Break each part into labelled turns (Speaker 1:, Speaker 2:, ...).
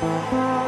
Speaker 1: Música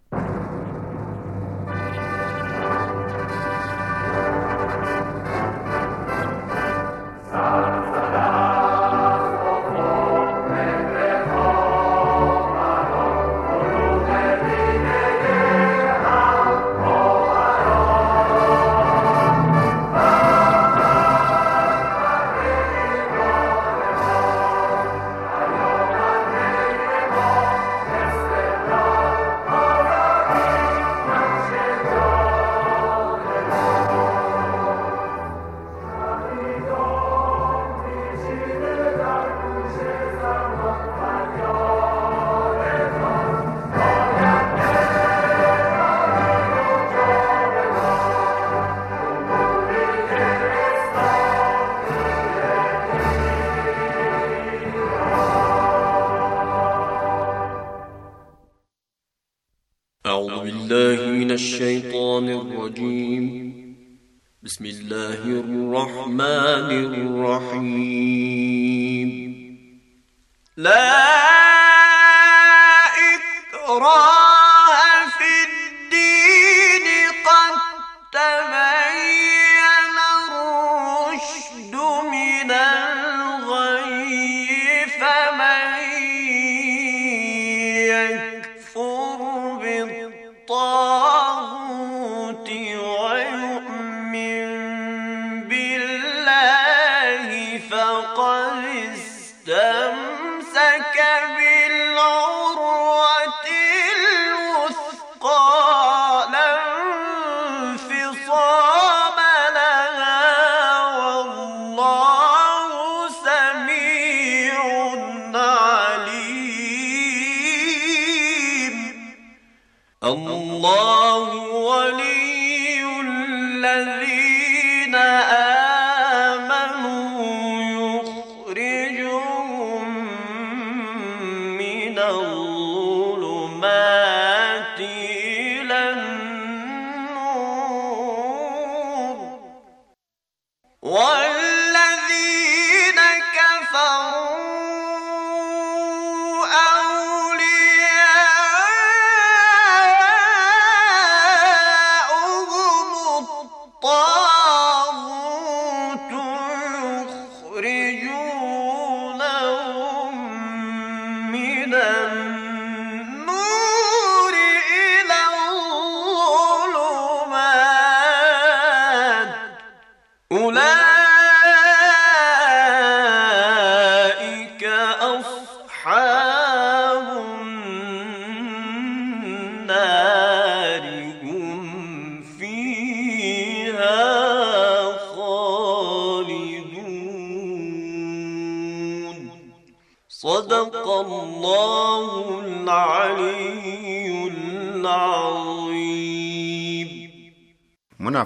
Speaker 2: Mise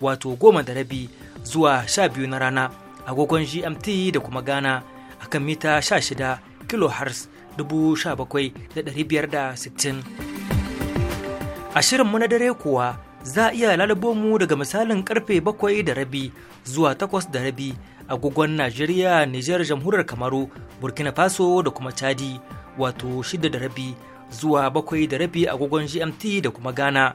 Speaker 3: wato goma da rabi zuwa sha biyu na rana agogon gmt da kuma ghana a kan mita sha shida kilohertz dubu sha bakwai da ɗari biyar da sittin a shirinmu na dare kuwa za a iya lalubo mu daga misalin karfe bakwai da rabi zuwa takwas da rabi agogon najeriya nijar jamhuriyar kamaru burkina faso da kuma chadi wato shida da rabi zuwa bakwai da rabi agogon gmt da kuma ghana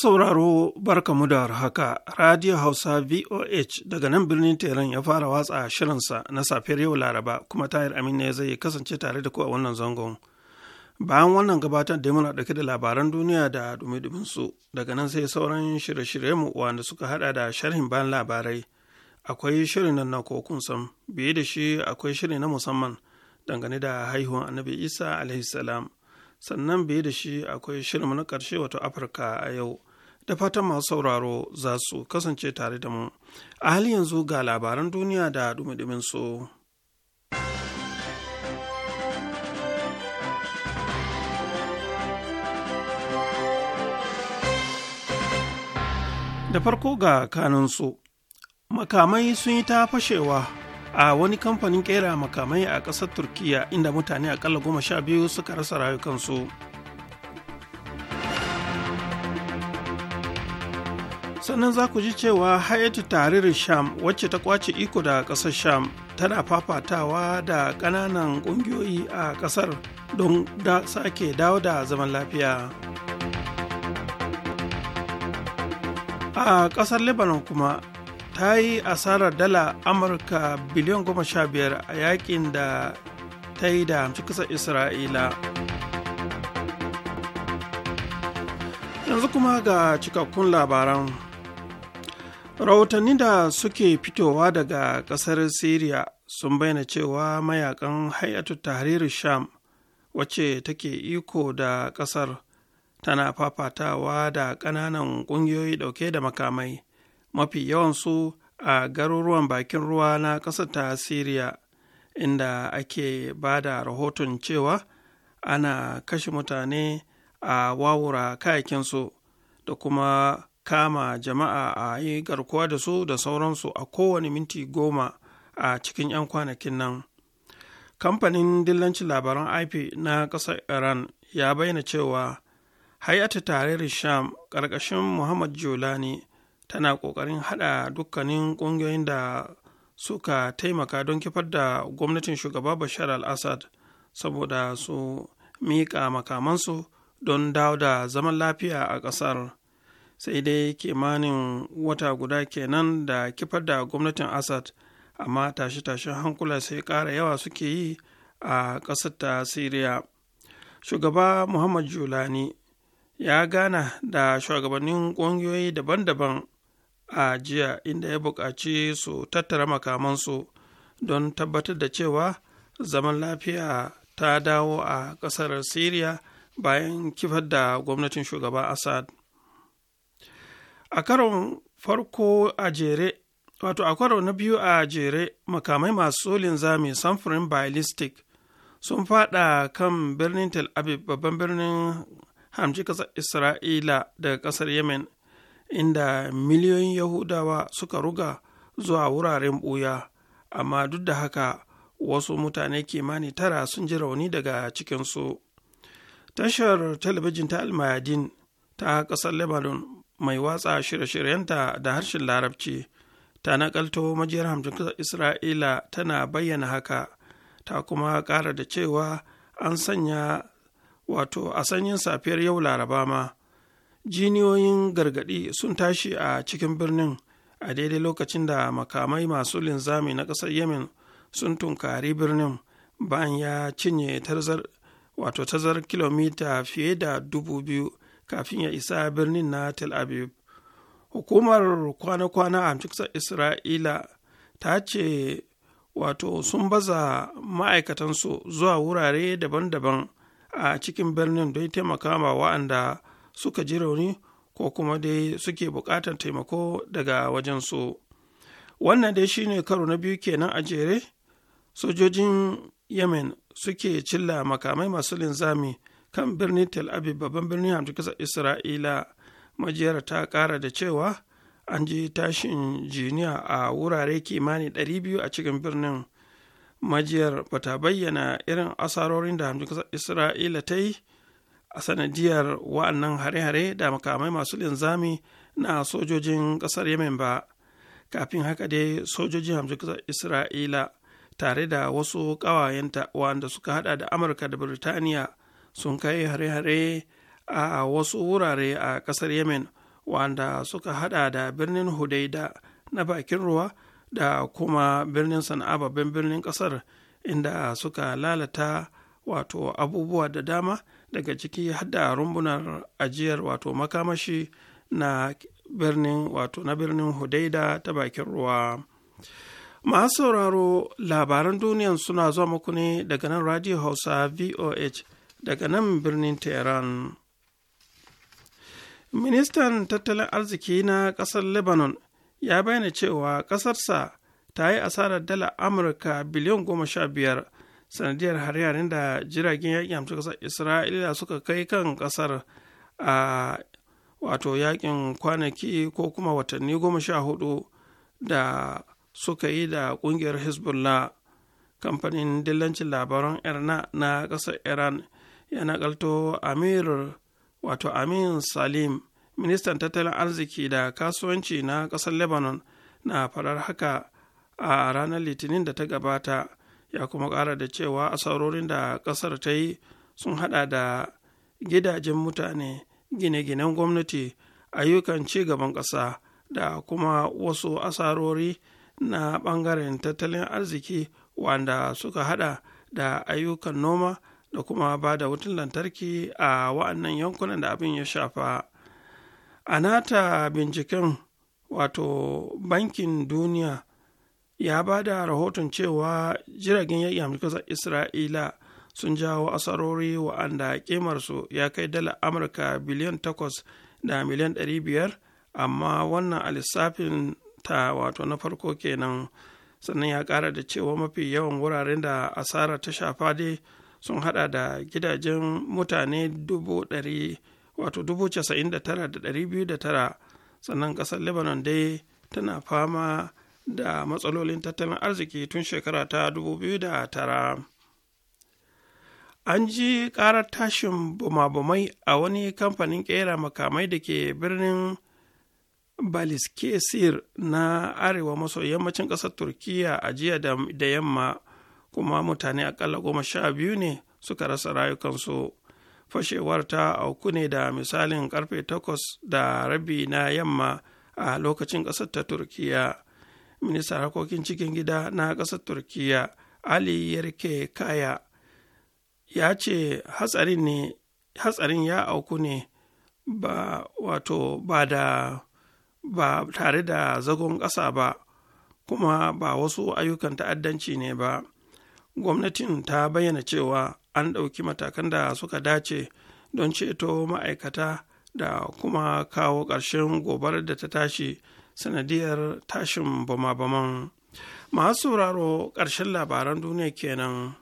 Speaker 4: Masu sauraro barkamu da haka Radio Hausa VOH daga nan birnin Teran ya fara watsa shirinsa na safiyar yau Laraba kuma Tahir Amina zai kasance tare da ku a wannan zangon. Bayan wannan gabatar da muna ɗauke da labaran duniya da dumi su daga nan sai sauran shirye-shirye mu wanda suka hada da sharhin bayan labarai. Akwai shirin nan na kokun sam, biye da shi akwai shiri na musamman dangane da haihuwan Annabi Isa alaihi salam. sannan biye da shi akwai shirin na ƙarshe wato afirka a yau da fatan masu sauraro za su kasance tare da mu a halin yanzu ga labaran duniya da dumi su. da farko ga su, makamai sun yi ta fashewa a wani kamfanin kera makamai a ƙasar turkiya inda mutane akalla goma sha biyu suka rasa rayukansu sannan za ku ji cewa hayatu tarir sham wacce ta kwace iko da ƙasar sham tana fafatawa da ƙananan ƙungiyoyi a ƙasar don da sake dawo da zaman lafiya a ƙasar lebanon kuma ta yi asarar dala amurka biliyan goma sha biyar a yakin da ta yi da cikisar isra'ila yanzu kuma ga cikakkun labaran rahotanni da suke fitowa daga kasar syria sun bayyana cewa mayakan hayatu tahrir sham wacce take iko da kasar tana fafatawa da kananan kungiyoyi dauke da makamai mafi yawansu a garuruwan bakin ruwa na kasar ta syria inda ake ba da rahoton cewa ana kashe mutane a wawura kayakinsu da kuma kama jama'a a yi garkuwa da su da sauransu a kowane minti goma a cikin 'yan kwanakin nan kamfanin dillancin labaran ip na ƙasar iran ya bayyana cewa hayatu tarayyar sham ƙarƙashin muhammad jolani tana ƙoƙarin haɗa dukkanin ƙungiyoyin da suka taimaka don kifar da gwamnatin shugaba bashar al-assad saboda su miƙa makamansu don dawo da zaman lafiya a ƙasar sai dai kimanin wata guda kenan da kifar da gwamnatin assad amma tashe-tashen hankula sai ƙara yawa suke yi a ƙasar ta syria shugaba muhammad julani ya gana da shugabannin ƙungiyoyi daban-daban a jiya inda ya buƙaci su tattara makamansu don tabbatar da cewa zaman lafiya ta dawo a ƙasar syria bayan kifar da gwamnatin shugaba Asad. a karon farko a jere wato a karo na biyu a jere makamai masu linzami samfurin ballistic sun fada kan birnin tel aviv babban birnin hamji kasar isra'ila daga kasar yemen inda miliyoyin yahudawa suka ruga zuwa wuraren buya amma duk da haka wasu mutane kimani tara sun ji rauni daga cikinsu tashar talabijin ta almayadin ta kasar lebanon mai watsa shirye-shiryenta da harshen larabci ta nakalto majiyar hamsin isra'ila tana bayyana haka ta kuma kara da cewa an sanya wato a sanyin safiyar yau laraba ma jiniyoyin gargaɗi sun tashi a cikin birnin a daidai lokacin da makamai masu linzami na ƙasar yemen sun tunkari birnin bayan ya cinye wato tazar kilomita fiye da dubu biyu kafin ya isa birnin na tel aviv hukumar kwana-kwana a cikin isra'ila ta ce wato sun baza ma'aikatansu zuwa wurare daban-daban a cikin birnin don taimaka ma wa'anda suka ji rauni ko kuma dai suke buƙatar taimako daga wajensu wannan dai shine karo na biyu kenan a jere sojojin yemen suke cilla makamai masu linzami kan birnin tel aviv babban birnin hamdu kasar isra'ila majiyar ta kara da cewa an ji tashin jiniya a wurare kimanin 200 a cikin birnin majiyar bata bayyana irin asarorin da hamdu kasar isra'ila ta yi a sanadiyar wa'annan hare-hare da makamai masu linzami na sojojin kasar yemen ba kafin haka dai sojojin hamdu kasar isra'ila tare da wasu ƙawayenta wanda suka hada da amurka da birtaniya sun kai hare-hare a wasu wurare a ƙasar yemen wanda suka hada da birnin hudaida na bakin ruwa da kuma birnin sana'a babban birnin ƙasar inda suka lalata wato abubuwa da dama daga ciki hada rumbunar ajiyar wato makamashi na birnin wato na birnin hudaida ta bakin ruwa masu sauraro labaran duniyan suna zuwa muku ne daga nan radio hausa voh daga nan birnin tehran ministan tattalin arziki na ƙasar lebanon ya bayyana cewa ƙasarsa ta yi asarar dala amurka biliyan goma sha biyar sanadiyar hare-haren da jiragen yaƙin hamsin ƙasar isra'ila suka kai kan ƙasar a wato yaƙin kwanaki ko kuma watanni goma sha hudu da suka yi da ƙungiyar hezbollah kamfanin dillancin labaran erna na ƙasar iran ya nakalto amir wato amin salim ministan tattalin arziki da kasuwanci na kasar lebanon na farar haka a ranar litinin da ta gabata ya kuma ƙara da cewa asarorin da ƙasar ta yi sun haɗa da gidajen mutane gine-ginen gwamnati ayyukan ci gaban ƙasa da kuma wasu asarori na ɓangaren tattalin arziki wanda suka haɗa da ayyukan noma da kuma ba da wutan lantarki a wa'annan yankunan da abin ya shafa a nata binciken wato bankin duniya ya ba da rahoton cewa jiragen yaƙi amurka isra'ila sun jawo asarori wa'anda ƙimarsu ya kai dala amurka biliyan takwas da miliyan ɗari biyar amma wannan a lissafin ta wato na farko kenan sannan ya ƙara da cewa mafi yawan wuraren da asara ta shafa dai sun hada da gidajen mutane wato sannan ƙasar lebanon dai tana fama da matsalolin tattalin arziki tun shekara ta 2009 an ji ƙarar tashin bumabumai a wani kamfanin ƙera makamai da ke birnin baliskesir na arewa maso yammacin ƙasar turkiya a jiya da yamma kuma mutane akalla goma sha biyu ne suka rasa rayukansu fashewar ta auku ne da misalin karfe takwas da rabi na yamma a lokacin ƙasar ta turkiya ministan harkokin cikin gida na ƙasar turkiya ali yarke kaya ya ce hatsarin ya auku ne ba wato ba da ba tare da zagon ƙasa ba kuma ba wasu ayyukan ta'addanci ne ba gwamnatin ta bayyana cewa an ɗauki matakan da suka dace don ceto ma'aikata da kuma kawo ƙarshen gobar da ta tashi sanadiyar tashin bama-baman masu sauraro ƙarshen labaran duniya kenan.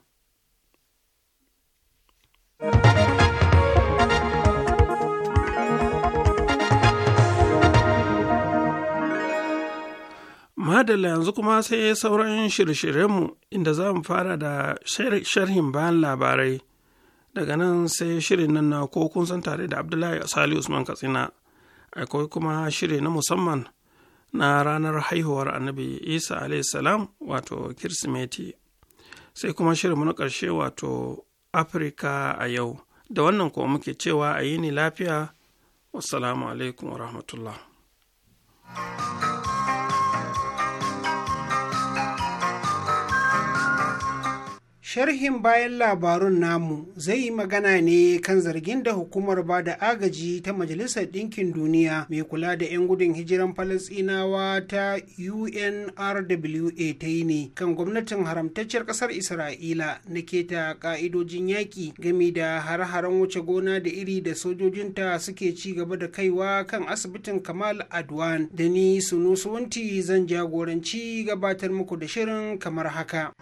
Speaker 4: Madalla yanzu kuma sai sauran shirye-shiryenmu inda za mu fara da sharhin bayan labarai daga nan sai shirin nan na ko kun san tare da Abdullahi Sali Usman Katsina akwai kuma shiri na musamman na ranar haihuwar Annabi Isa salam wato Kirsimeti sai kuma shirin na ƙarshe wato Afirka a yau da wannan kuma muke cewa a yi ni lafiya wasu alaikum wa rahmatullah.
Speaker 5: Sharhin bayan labarun namu zai yi magana ne kan zargin da hukumar ba da agaji ta Majalisar Ɗinkin Duniya mai kula da 'yan gudun hijiran Falasinawa ta UNRWA ta yi ne kan gwamnatin haramtacciyar ƙasar Isra'ila na keta ƙa'idojin yaƙi game da har-haren wuce gona da iri da sojojinta suke ci gaba da kaiwa kan asibitin Kamal Adwan da ni wanti zan jagoranci gabatar muku da shirin kamar haka.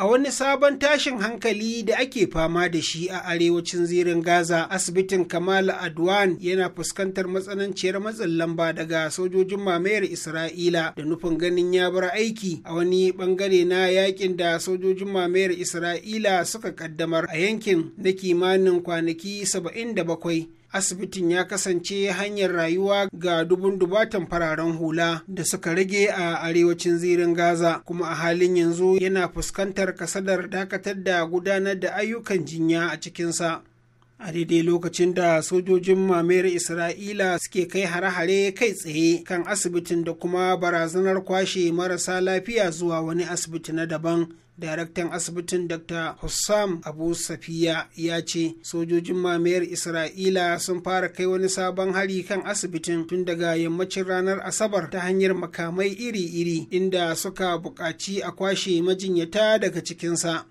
Speaker 5: a wani sabon tashin hankali da ake fama da shi a arewacin zirin Gaza, asibitin Kamal Adwan yana fuskantar matsananciyar matsin lamba daga sojojin mamayar Isra'ila da nufin ganin ya bar aiki a wani bangare na yakin da sojojin mamayar Isra'ila suka kaddamar a yankin na kimanin kwanaki 77. asibitin ya kasance hanyar rayuwa ga dubun dubatan fararen hula da suka rage a arewacin zirin gaza kuma a halin yanzu yana fuskantar kasadar dakatar da gudanar da ayyukan jinya a cikinsa a daidai lokacin da sojojin mamayar isra'ila suke kai hare-hare kai tsaye kan asibitin da kuma barazanar kwashe marasa lafiya zuwa wani asibiti na daban daraktan asibitin dr hussam abu safiya ya ce sojojin mamayar isra'ila sun fara kai wani sabon hari kan asibitin tun daga yammacin ranar asabar ta hanyar makamai iri-iri inda suka buƙaci a kwashe majinyata daga cikinsa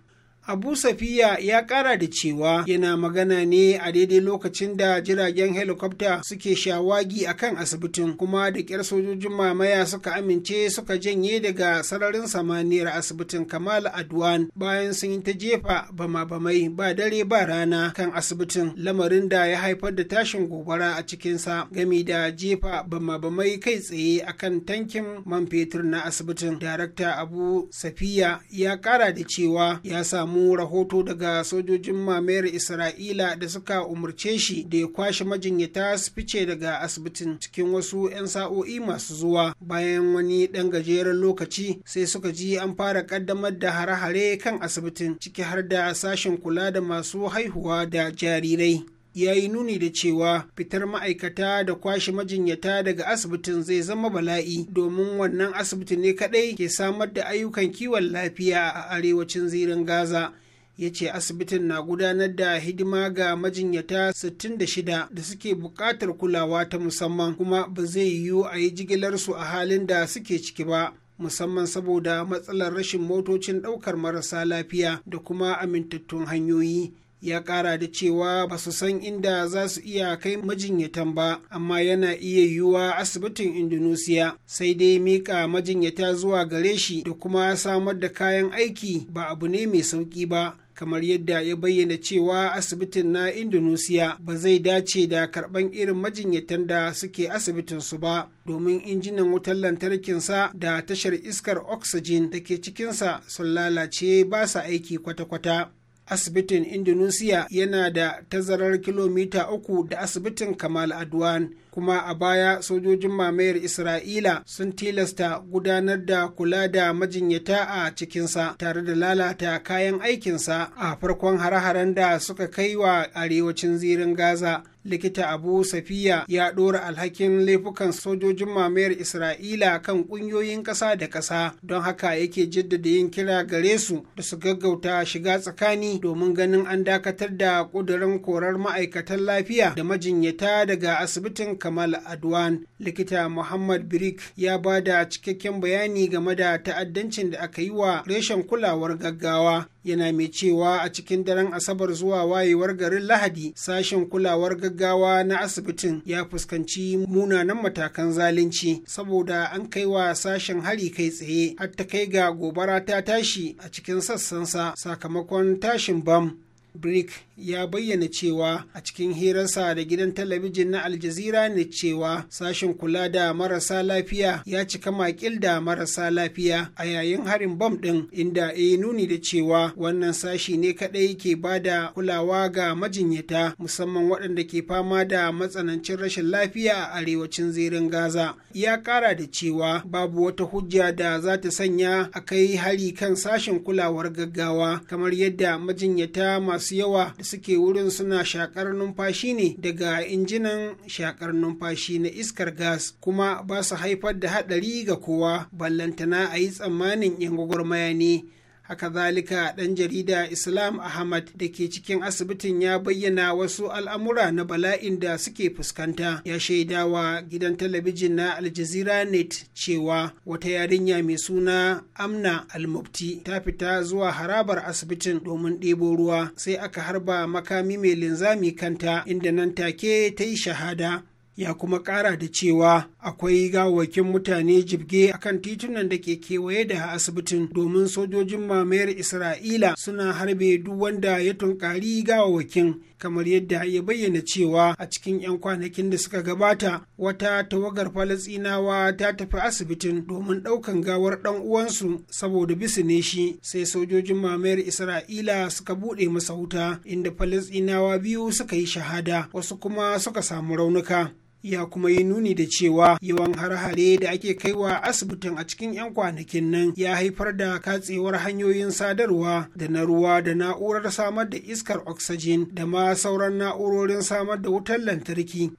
Speaker 5: abu safiya ya kara da cewa yana magana ne a daidai lokacin da jiragen helikofta suke shawagi a kan asibitin kuma da ƙyar sojojin mamaya suka amince suka janye daga sararin samaniyar asibitin kamal adwan bayan sun yi ta jefa bama-bamai ba dare ba rana kan asibitin lamarin da ya haifar da tashin gobara a cikinsa gami da jefa bama-bamai kai tsaye a kan tankin man fetur na asibitin darakta abu safiya ya kara da cewa ya samu samu rahoto daga sojojin mamayar isra'ila da suka umarce shi da ya kwashe majinyata su fice daga asibitin cikin wasu 'yan sa'o'i masu zuwa bayan wani ɗan gajeren lokaci sai suka ji an fara ƙaddamar da hare-hare kan asibitin ciki har da sashen kula da masu haihuwa da jarirai ya yi nuni da cewa fitar ma'aikata da kwashe majinyata daga asibitin zai zama bala'i domin wannan asibiti ne kadai ke samar da ayyukan kiwon lafiya a arewacin zirin gaza ya ce asibitin na gudanar da hidima ga majinyata 66 da suke buƙatar kulawa ta musamman kuma ba zai yiwu a yi jigilarsu a halin da suke ciki ba musamman saboda matsalar rashin motocin ɗaukar marasa lafiya da kuma amintattun hanyoyi ya kara da cewa ba su san inda za su iya kai majinyatan ba amma yana iya yiwuwa asibitin indonesia sai dai mika majinyata zuwa gare shi da kuma samar da kayan aiki ba abu ne mai sauki ba kamar yadda ya bayyana cewa asibitin na indonesia ba zai dace da karban irin majinyatan da suke asibitin su ba domin injinan wutar lantarkinsa da tashar iskar oxygen da ke cikinsa sun lalace ba sa aiki kwata-kwata asibitin indonesia yana da tazarar kilomita uku da asibitin kamal adwan kuma a baya sojojin mamayar isra'ila sun tilasta gudanar da kula da majinyata a cikinsa tare da lalata kayan aikinsa a farkon hare-haren da suka kai wa arewacin zirin gaza likita abu safiya ya ɗora alhakin laifukan sojojin mamayar isra'ila kan ƙungiyoyin ƙasa da ƙasa don haka yake jaddada yin kira gare su da su gaggauta shiga tsakani domin ganin an dakatar da ƙudurin korar ma'aikatan lafiya da majinyata daga asibitin kamal adwan likita muhammad birik ya ba da cikakken bayani game da ta'addancin da aka yi wa reshen kulawar gaggawa yana mai cewa a cikin daren asabar zuwa wayewar garin lahadi sashen kulawar gaggawa na asibitin ya fuskanci munanan matakan zalunci saboda an kai wa sashen hari kai tsaye har ta kai ga gobara ta tashi a cikin sassansa sakamakon tashin bam brick ya bayyana cewa a cikin hirarsa da gidan talabijin na aljazira ne cewa sashen kula da marasa lafiya ya cika makil da marasa lafiya a yayin harin bom ɗin inda ya nuni da cewa wannan sashi ne kaɗai ke ba da kulawa ga majinyata musamman waɗanda ke fama da matsanancin rashin lafiya a arewacin zirin gaza ya ƙara da cewa babu wata hujja da za ta sanya a kai hari kan sashen kulawar gaggawa kamar yadda majinyata masu yawa da suke wurin suna shakar numfashi ne daga injinan shakar numfashi na iskar gas kuma ba su haifar da haɗari ga kowa ballantana a yi tsammanin 'yan gwagwarmaya ne haka zalika ɗan jarida islam ahmad da ke cikin asibitin ya bayyana wasu al'amura na bala'in da suke fuskanta ya shaidawa gidan talabijin na aljazira net cewa wata yarinya mai suna amna almubti ta fita zuwa harabar asibitin domin ɗebo ruwa sai aka harba makami mai linzami kanta inda nan take ta yi shahada ya kuma kara da cewa akwai gawakin mutane jibge a kan titunan da ke kewaye da asibitin domin sojojin mamayar isra'ila suna harbe duk wanda ya tunkari gawakin kamar yadda ya bayyana cewa a cikin 'yan kwanakin da suka gabata wata tawagar falasinawa ta tafi asibitin domin ɗaukan gawar ɗan uwansu saboda ne shi sai sojojin mamayar isra'ila suka buɗe masa wuta inda falasinawa biyu suka yi shahada wasu kuma suka samu raunuka ya kuma yi nuni da cewa yawan har-hare da ake kaiwa asibitin a cikin 'yan kwanakin nan ya haifar da katsewar hanyoyin sadarwa da na ruwa da na'urar samar da iskar oxygen da ma sauran na'urorin samar da wutar lantarki.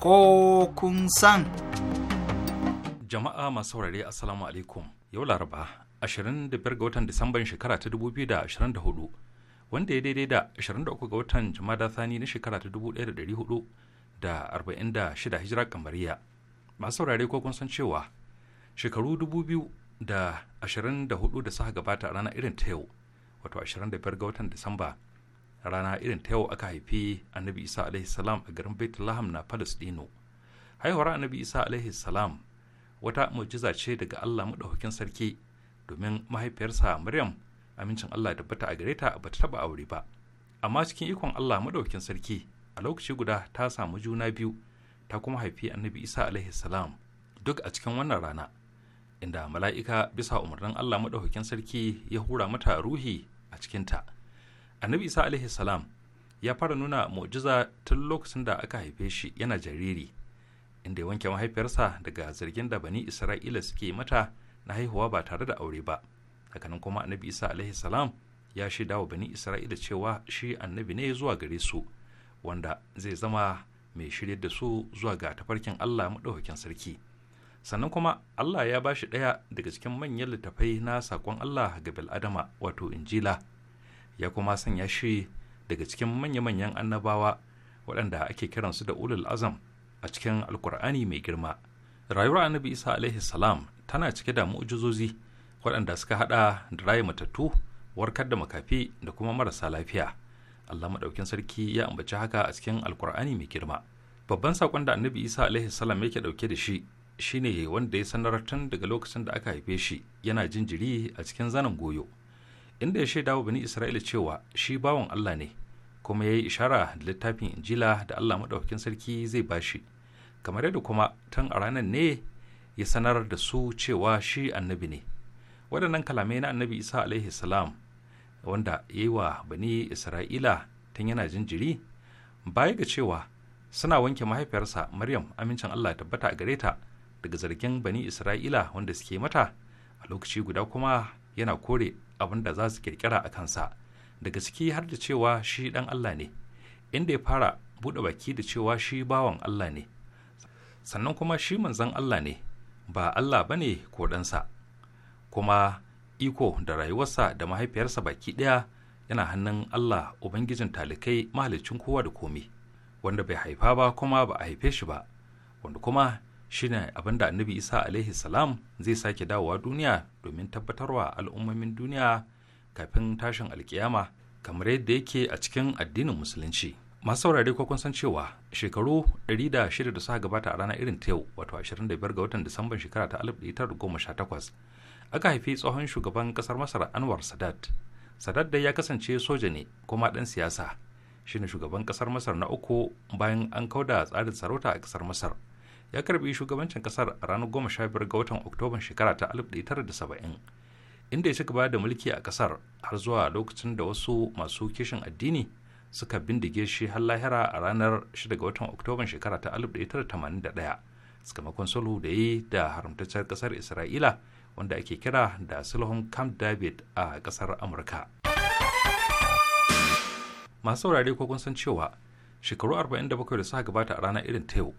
Speaker 3: Ko kun san.
Speaker 6: jama'a masu saurare assalamu alaikum yau laraba 25 ga watan disamban shekara ta 2024 wanda ya daidai da 23 ga watan jumada thani na shekara ta 1446 hijira kamariya masu saurare ko kun san cewa shekaru 2024 da suka gabata a rana irin ta yau wato 25 ga watan disamba rana irin ta yau aka haifi annabi isa alaihi salam a garin bethlehem na Dino haihuwar annabi isa alaihi salam wata mu'jiza ce daga Allah maɗaukakin sarki domin mahaifiyarsa Maryam amincin Allah da bata a gareta, bata ba ta taba aure ba amma cikin ikon Allah maɗaukakin sarki a lokaci guda ta samu juna biyu ta kuma haifi annabi Isa alaihi salam duk a cikin wannan rana inda mala'ika bisa umarnin Allah maɗaukakin sarki ya hura mata ruhi a cikinta annabi Isa alaihi salam ya fara nuna mu'jiza tun lokacin da aka haife shi yana jariri inda ya wanke mahaifiyarsa daga zargin da bani isra'ila suke mata na haihuwa ba tare da aure ba hakanan kuma annabi isa alaihi salam ya shaida wa bani isra'ila cewa shi annabi ne zuwa gare su wanda zai zama mai shirya da su zuwa ga tafarkin allah maɗaukakin sarki sannan kuma allah ya ba shi ɗaya daga cikin manyan littafai na saƙon allah ga bil'adama wato injila ya kuma sanya shi daga cikin manya-manyan annabawa waɗanda ake kiransu da ulul azam a cikin alkur'ani mai girma rayuwar annabi isa alaihi salam tana cike da mu'jizozi waɗanda suka haɗa da raye matattu warkar da makafi da kuma marasa lafiya allah maɗaukin sarki ya ambaci haka a cikin alkur'ani mai girma babban saƙon da annabi isa alaihi salam yake ɗauke da shi shine wanda ya sanar tun daga lokacin da aka haife shi yana jinjiri a cikin zanen goyo inda ya shaidawa bani isra'ila cewa shi bawan allah ne kuma ya yi ishara da littafin injila da allah maɗaukin sarki zai bashi kamar yadda kuma tun a ranar ne ya sanar da su cewa shi annabi ne waɗannan kalamai na annabi isa alaihi salam wanda ya yi wa bani isra'ila tun yana jinjiri baya ga cewa suna wanke mahaifiyarsa maryam amincin allah ya tabbata a gare ta daga zargin bani isra'ila wanda suke mata a lokaci guda kuma yana kore abin da za su kirkira a kansa daga ciki har da cewa shi dan allah ne inda ya fara buɗe baki da cewa shi bawan allah ne sannan kuma shi manzan Allah ne ba Allah ba ne ko ɗansa kuma iko da rayuwarsa da mahaifiyarsa baki ɗaya yana hannun Allah Ubangijin talikai mahalicin kowa da komi wanda bai haifa ba kuma ba a haife shi ba wanda kuma shi ne abin da annabi Isa alaihi salam zai sake dawowa duniya domin tabbatarwa al'ummomin duniya kafin tashin alkiyama kamar yadda yake a cikin addinin musulunci. masu saurare ko kun san cewa shekaru 106 da suka gabata a ranar irin ta yau wato 25 ga watan disamban shekara ta 1918 aka haifi tsohon shugaban kasar masar anwar sadat sadat dai ya kasance soja ne kuma ɗan siyasa shine shugaban kasar masar na uku bayan an kauda tsarin sarauta a kasar masar ya karbi shugabancin kasar a ranar 15 ga watan oktoban shekara ta 1970 inda ya ci gaba da mulki a kasar har zuwa lokacin da wasu masu kishin addini suka bindige shi har lahira a ranar 6 ga watan oktoban shekara ta 1981 sakamakon sulhu da yi da haramtaccen kasar isra'ila wanda ake kira da sulhun camp david a kasar amurka masu saurare ko kun san cewa shekaru 47 da suka gabata a ranar irin ta yau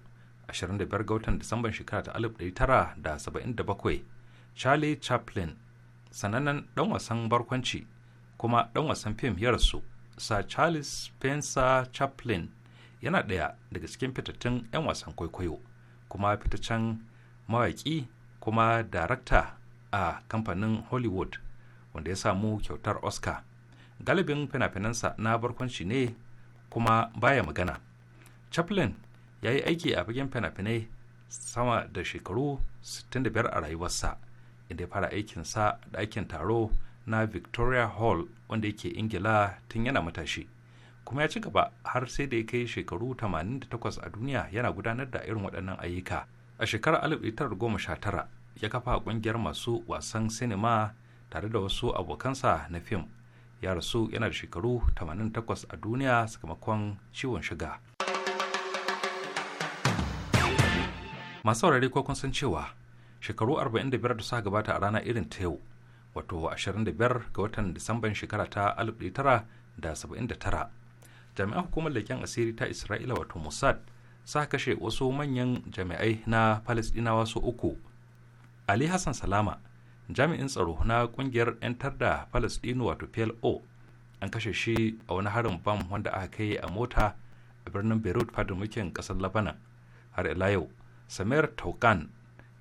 Speaker 6: 25 ga watan disamban shekara ta 1977 charlie chaplin sanannen dan wasan barkwanci kuma dan wasan fim ya rasu sir charles spencer chaplin yana ɗaya daga cikin fitattun 'yan wasan kwaikwayo kuma fitaccen mawaƙi kuma darakta a kamfanin hollywood wanda ya samu kyautar oscar galibin fina-finansa na barkwanci ne kuma baya magana chaplin ya yi aiki a fagen fina-finai sama da shekaru 65 a rayuwarsa inda ya fara aikinsa da aikin taro na victoria hall wanda yake ingila tun yana matashi kuma ya ci gaba har sai da ya kai shekaru 88 a duniya yana gudanar da irin waɗannan ayyuka a shekarar 1919 ya kafa ƙungiyar masu wasan sinima tare da wasu abokansa na fim ya rasu yana da shekaru 88 a duniya sakamakon ciwon shiga masu saurari ko kun san cewa shekaru 45 da suka gabata a rana irin ta yau wato 25 ga watan disamban shekara ta 1979 jami'an hukumar leken asiri ta isra'ila wato mossad sa kashe wasu manyan jami'ai na palestinawa su uku ali hassan salama jami'in tsaro na kungiyar 'yantar da palestino wato plo an kashe shi a wani harin bam wanda aka kai a mota a birnin beirut fadimukin ƙasar labanan har ila yau samir taukan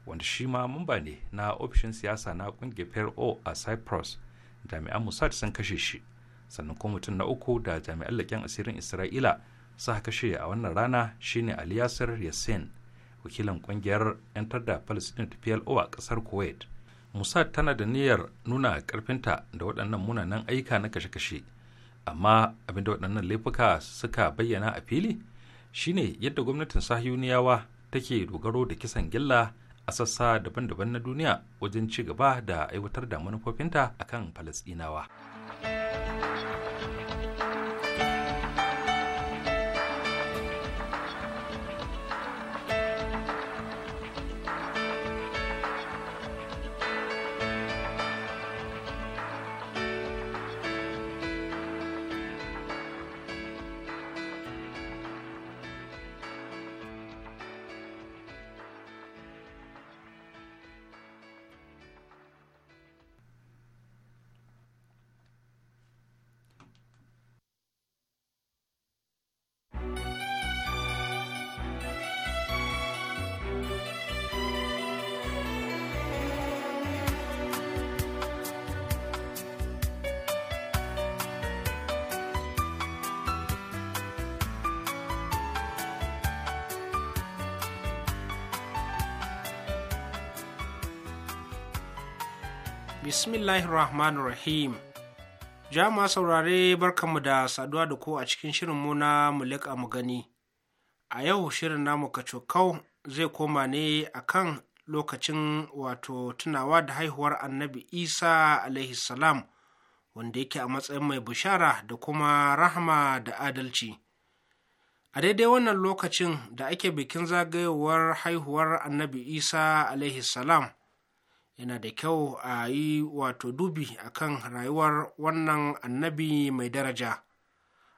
Speaker 6: wanda shi ma mamba ne na ofishin siyasa na kungiyar PRO a Cyprus jami'an Mossad sun kashe shi sannan kuma mutum na uku da jami'an laƙen asirin Isra'ila suka kashe a wannan rana shine Ali Yasser Yassin wakilan kungiyar 'yantar da Palestine PLO a kasar Kuwait Mossad tana da niyyar nuna karfinta da waɗannan munanan aika na kashe-kashe amma abinda waɗannan laifuka suka bayyana a fili shine yadda gwamnatin sahiyuniyawa take dogaro da kisan gilla a sassa daban-daban na duniya wajen ci gaba da aiwatar da manufofinta akan falasɗinawa.
Speaker 7: bismillahir rahmanir rahim jama saurare barkanmu da saduwa da ku a cikin shirin mu na mulika mu gani a yau shirin namu ka kacokau zai koma ne akan lokacin wato tunawa da haihuwar annabi isa alaihi salam wanda yake a matsayin mai bushara da kuma rahama da adalci a daidai wannan lokacin da ake bikin zagayowar haihuwar annabi isa alaihi salam yana da kyau a yi wato dubi akan rayuwar wannan annabi mai daraja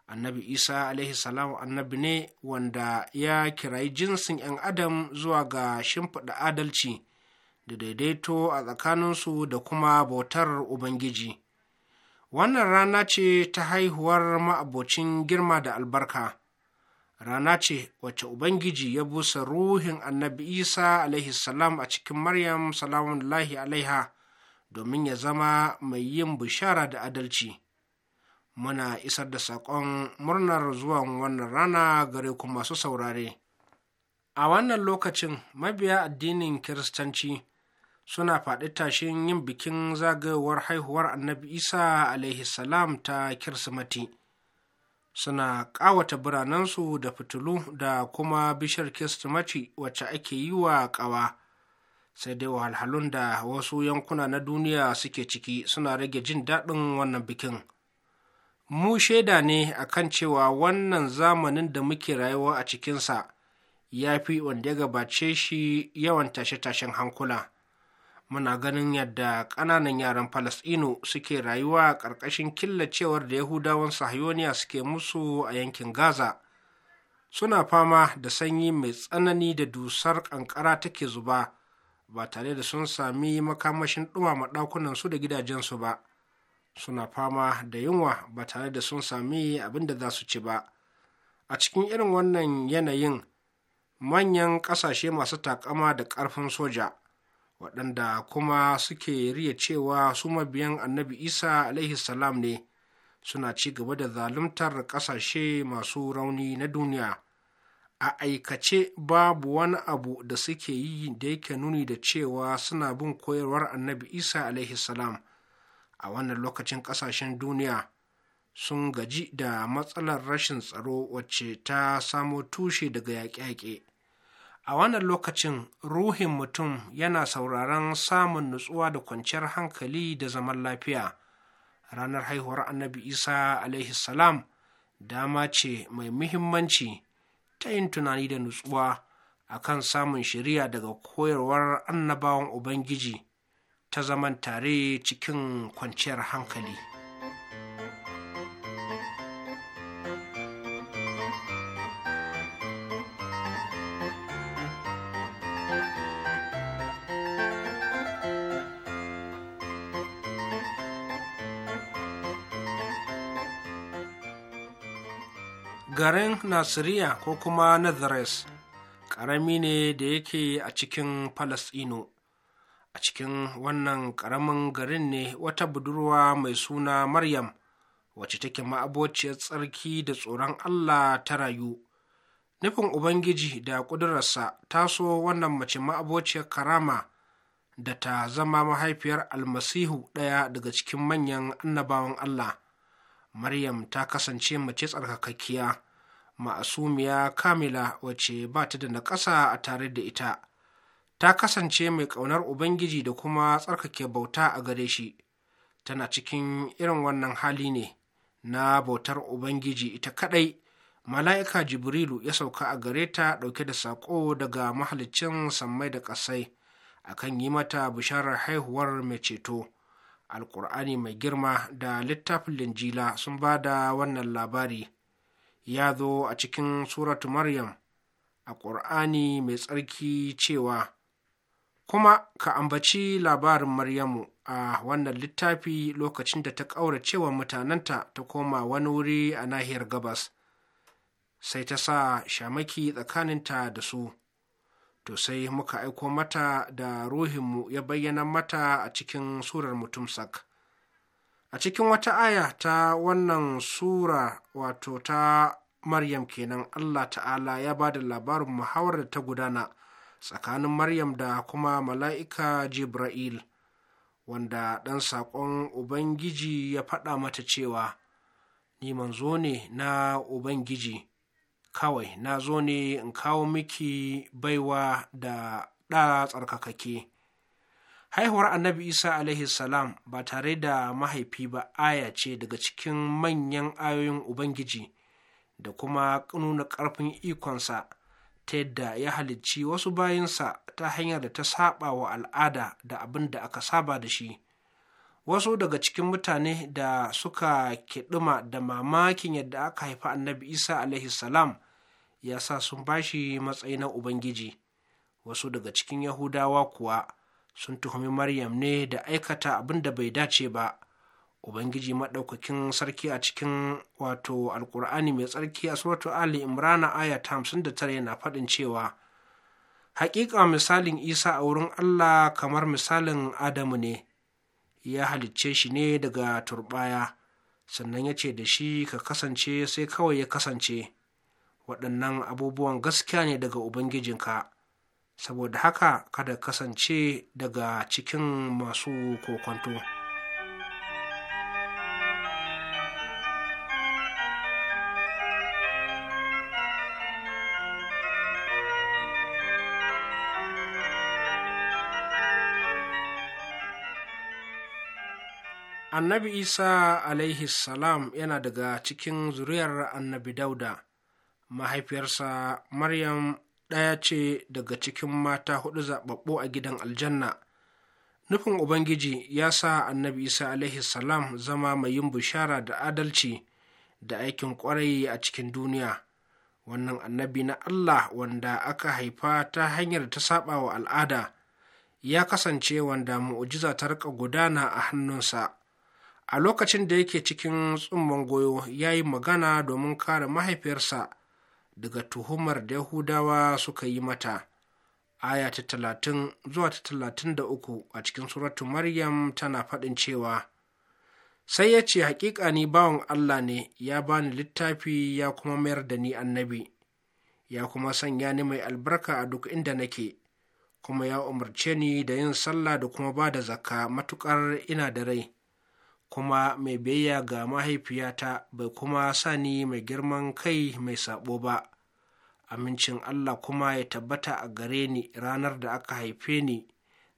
Speaker 7: annabi isa alaihi salam annabi ne wanda ya kirayi jinsin 'yan adam zuwa ga shimfiɗa adalci da daidaito a tsakaninsu da kuma bautar ubangiji wannan rana ce ta haihuwar ma'abocin girma da albarka rana ce wacce ubangiji ya busa ruhin annabi isa alaihi salam a cikin maryam lahi alaiha domin ya zama mai yin bishara da adalci muna isar da saƙon murnar zuwan wannan rana gare ku masu saurare a wannan lokacin mabiya addinin kiristanci suna faɗi tashin yin bikin zagayowar haihuwar annabi isa alaihi salam ta kirsimati suna kawata biranensu da fitilu da kuma bishar kistimaci wacce ake yi wa ƙawa sai dai wahalhalun da wasu yankuna na duniya suke ciki suna rage jin daɗin wannan bikin mu shaida ne akan cewa wannan zamanin da muke rayuwa a cikinsa ya fi wanda ya gabace shi yawan tashe-tashen hankula muna ganin yadda ƙananan yaran falasɗinu suke rayuwa a ƙarƙashin killacewar da yahudawan Sahyoniya suke musu a yankin gaza suna fama da sanyi mai tsanani da dusar ƙanƙara take zuba ba tare da sun sami makamashin ɗumama ɗakunansu da gidajensu ba suna fama da yunwa ba tare da sun sami abin da za su ci ba a cikin irin wannan yanayin manyan ƙasashe masu takama da ƙarfin soja waɗanda kuma suke riya cewa su mabiyan annabi isa alaihi salam ne suna ci gaba da zaluntar ƙasashe masu rauni na duniya a aikace babu wani abu da suke yi da yake nuni da cewa suna bin koyarwar annabi isa alaihi salam a wannan lokacin ƙasashen duniya sun gaji da matsalar rashin tsaro wacce ta samo tushe daga yaƙe-yaƙe a wannan lokacin ruhin mutum yana sauraron samun nutsuwa da kwanciyar hankali da zaman lafiya ranar haihuwar annabi isa alaihi salam dama ce mai muhimmanci ta yin tunani da nutsuwa a kan samun shiriya daga koyarwar annabawan ubangiji ta zaman tare cikin kwanciyar hankali. garin nasiriya ko kuma nazares ƙarami ne da yake a cikin Falasɗinu. a cikin wannan ƙaramin garin ne wata budurwa mai suna maryam wacce take ma'abociyar tsarki da tsoron allah ta rayu nufin ubangiji da ƙudurarsa so wannan mace ma'abociyar karama da ta zama mahaifiyar almasihu ɗaya daga cikin manyan annabawan allah maryam ta kasance mace tsarkakakkiya ma'asumiya kamila wace ba ta da naƙasa a tare da ita ta kasance mai ƙaunar ubangiji da kuma tsarkake bauta a gare shi tana cikin irin wannan hali ne na bautar ubangiji ita kaɗai mala'ika jibrilu ya sauka a gare ta ɗauke da saƙo daga mahaliccin sammai da ƙasai akan yi mata bisharar haihuwar mai ceto alƙur'ani mai girma da littafin linjila sun ba da wannan labari ya zo a cikin suratu Maryam a ƙur'ani mai tsarki cewa, Kuma ka ambaci labarin Maryamu a wannan littafi lokacin da ta ƙaura ƙauracewa mutanenta ta koma wani wuri a nahiyar gabas, sai ta sa shamaki tsakaninta da su. To sai muka aiko mata da ruhinmu ya bayyana mata a cikin surar mutum sak. a cikin wata aya ta wannan sura wato ta maryam kenan allah ta'ala ya ba da labarin muhawarar ta gudana tsakanin maryam da kuma mala'ika jibra'il wanda ɗan saƙon ubangiji ya faɗa mata cewa ni manzo ne na ubangiji kawai na zo ne in kawo miki baiwa da ɗa tsarkakake haihuwar annabi isa alaihi salam ba tare da mahaifi ba aya ce daga cikin manyan ayoyin ubangiji da kuma nuna ƙarfin ikonsa ta yadda ya halicci wasu bayansa ta hanyar da ta saba wa al'ada da abin da aka saba da shi wasu daga cikin mutane da suka kiɗima da mamakin yadda aka haifi annabi isa alaihi salam ya sa sun bashi matsayi na ubangiji wasu daga cikin yahudawa kuwa sun tuhumi maryam ne da aikata abin da bai dace ba ubangiji maɗaukakin sarki a cikin wato Alƙur'ani mai tsarki a suratu ali imrana aya ta hamsin da tare yana faɗin cewa haƙiƙa misalin isa a wurin allah kamar misalin adamu ne ya halicce shi ne daga turɓaya sannan ya ce da shi ka kasance sai kawai ya kasance waɗannan abubuwan gaskiya ne daga ubangijinka saboda haka kada kasance daga cikin masu kokonto. annabi isa alaihi salam yana daga cikin zuriyar annabi dauda mahaifiyarsa maryam ɗaya ce daga cikin mata hudu zaɓaɓɓu a gidan aljanna nufin ubangiji ya sa annabi isa alaihi salam zama mai yin bishara da adalci da aikin ƙwarai a cikin duniya wannan annabi na allah wanda aka haifa ta hanyar ta saba wa al'ada ya kasance wanda mu'ujiza ta rika gudana a hannunsa a lokacin da yake cikin tsumman goyo ya yi magana domin kare mahaifiyarsa daga tuhumar da yahudawa suka yi mata aya ta talatin zuwa ta talatin da uku a cikin suratu maryam tana faɗin cewa sai ya ce hakika ni bawan allah ne ya bani littafi ya kuma mayar da ni annabi ya kuma sanya ni mai albarka a duk inda nake kuma ya umarce ni da yin sallah da kuma ba da zakka matukar ina da rai kuma mai biyayya ga mahaifiyata bai kuma sani mai girman kai mai sabo ba amincin allah kuma ya tabbata a gare ni ranar da aka haife ni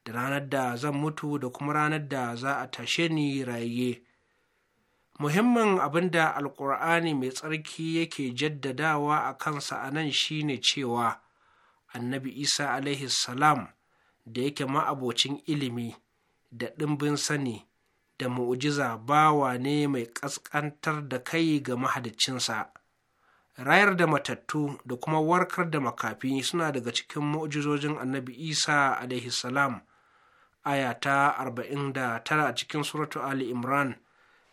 Speaker 7: da ranar da zan mutu da kuma ranar da za a tashe ni raye muhimmin abin da alkur'ani mai tsarki yake jaddadawa a kansa a nan shine cewa annabi isa alaihi salam da yake ma'abocin ilimi da ɗimbin sani da mu'ujiza bawa ne mai ƙasƙantar da kai ga mahadicinsa rayar da matattu da kuma warkar da makafi suna daga cikin mu'ujizojin annabi isa alaihi salam arba'in da tara a cikin suratu ali imran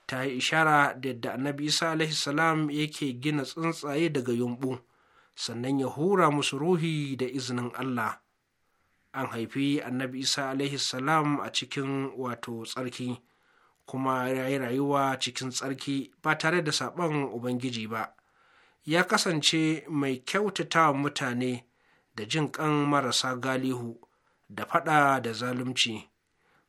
Speaker 7: ta yi ishara da yadda annabi isa alaihi salam yake gina tsuntsaye daga yumɓu sannan ya hura musu ruhi da izinin allah an haifi annabi isa alaihi salam a cikin wato tsarki kuma ya yi rayuwa cikin tsarki ba tare da saɓon ubangiji ba ya kasance mai kyautata mutane da jin ƙan marasa galihu da faɗa da zalunci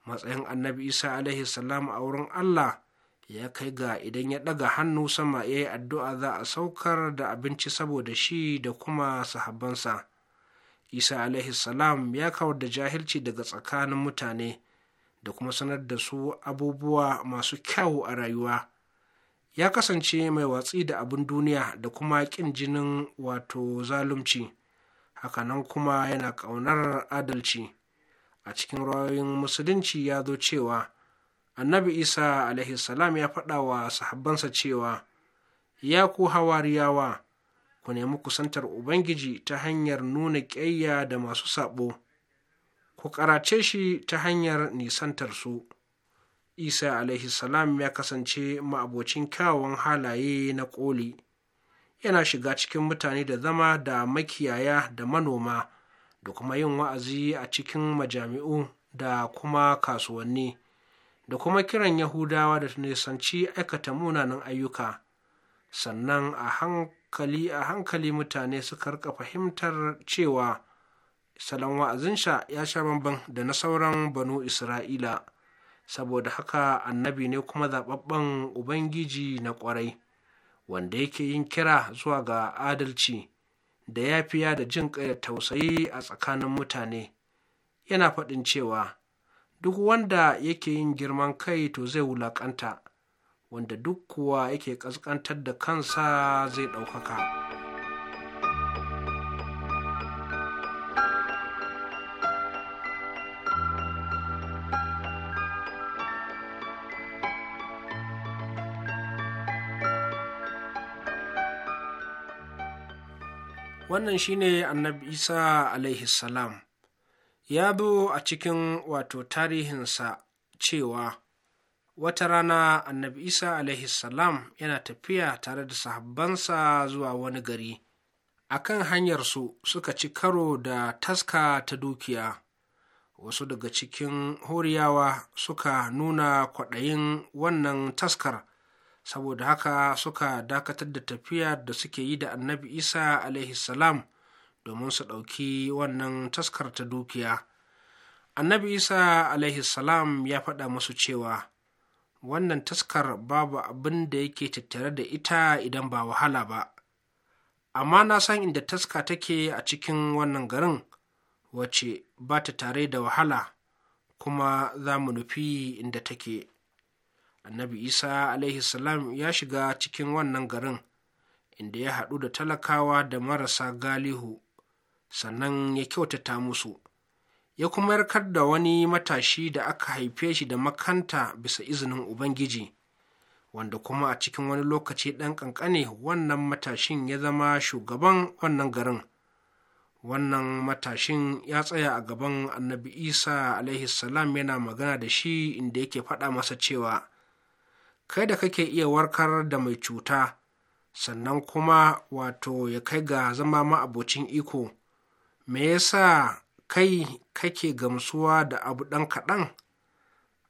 Speaker 7: matsayin annabi isa alaihi salam a wurin allah ya kai ga idan ya ɗaga hannu sama ya yi addu'a za a saukar da abinci saboda shi da kuma sahabbansa isa alaihi salam ya kawar da jahilci daga tsakanin mutane da kuma sanar da su abubuwa masu kyawu a rayuwa ya kasance mai watsi da abin duniya da kuma ƙin jinin wato zalunci hakanan kuma yana ƙaunar adalci a cikin rayuwar musulunci ya zo cewa annabi isa salam ya faɗa wa sahabbansa cewa ya ku hawariyawa ku nemi kusantar ubangiji ta hanyar nuna ƙyayya da masu saɓo ku karace shi ta hanyar nisantar su isa alaihi salam ya kasance ma'abocin kyawawan halaye na koli yana shiga cikin mutane da zama da makiyaya da manoma da kuma yin wa'azi a cikin majami'u da kuma kasuwanni da kuma kiran yahudawa da nisanci aikata munanan ayyuka sannan a hankali a hankali mutane suka rika fahimtar cewa salon wa'azinsa ya sha bamban da na sauran banu isra'ila saboda haka annabi ne kuma zaɓaɓɓen ubangiji na ƙwarai wanda yake yin kira zuwa ga adalci da yafiya da jin da tausayi a tsakanin mutane yana faɗin cewa duk wanda yake yin girman kai to zai wulaƙanta wanda duk kuwa yake ƙasƙantar da kansa zai ɗaukaka. wannan shine annabi isa alaihi salam ya zo a cikin wato tarihinsa cewa wata rana annabi isa alaihi salam yana tafiya tare da sahabbansa zuwa wani gari akan hanyarsu suka ci karo da taska ta dukiya wasu daga cikin horiyawa suka nuna kwaɗayin wannan taskar saboda haka suka dakatar da tafiya da suke yi da annabi isa alaihi salam domin su ɗauki wannan taskar ta dukiya annabi isa alaihi salam ya faɗa musu cewa wannan taskar babu abin da yake tattare da ita idan ba wahala ba amma na san inda taska take a cikin wannan garin wace ba ta tare da wahala kuma za mu nufi inda take annabi isa alaihi salam ya shiga cikin wannan garin inda ya haɗu da talakawa da marasa galihu sannan ya kyautata musu ya kuma yarkar da wani matashi da aka haife shi da makanta bisa izinin ubangiji wanda kuma a cikin wani lokaci ɗan ƙanƙane wannan matashin ya zama shugaban wannan garin wannan matashin ya tsaya a gaban annabi isa alaihi salam yana magana da shi inda yake faɗa masa cewa kai da kake iya warkar da mai cuta sannan kuma wato ya kai ga zama ma'abocin iko me yasa kai kake gamsuwa da abu ɗan kaɗan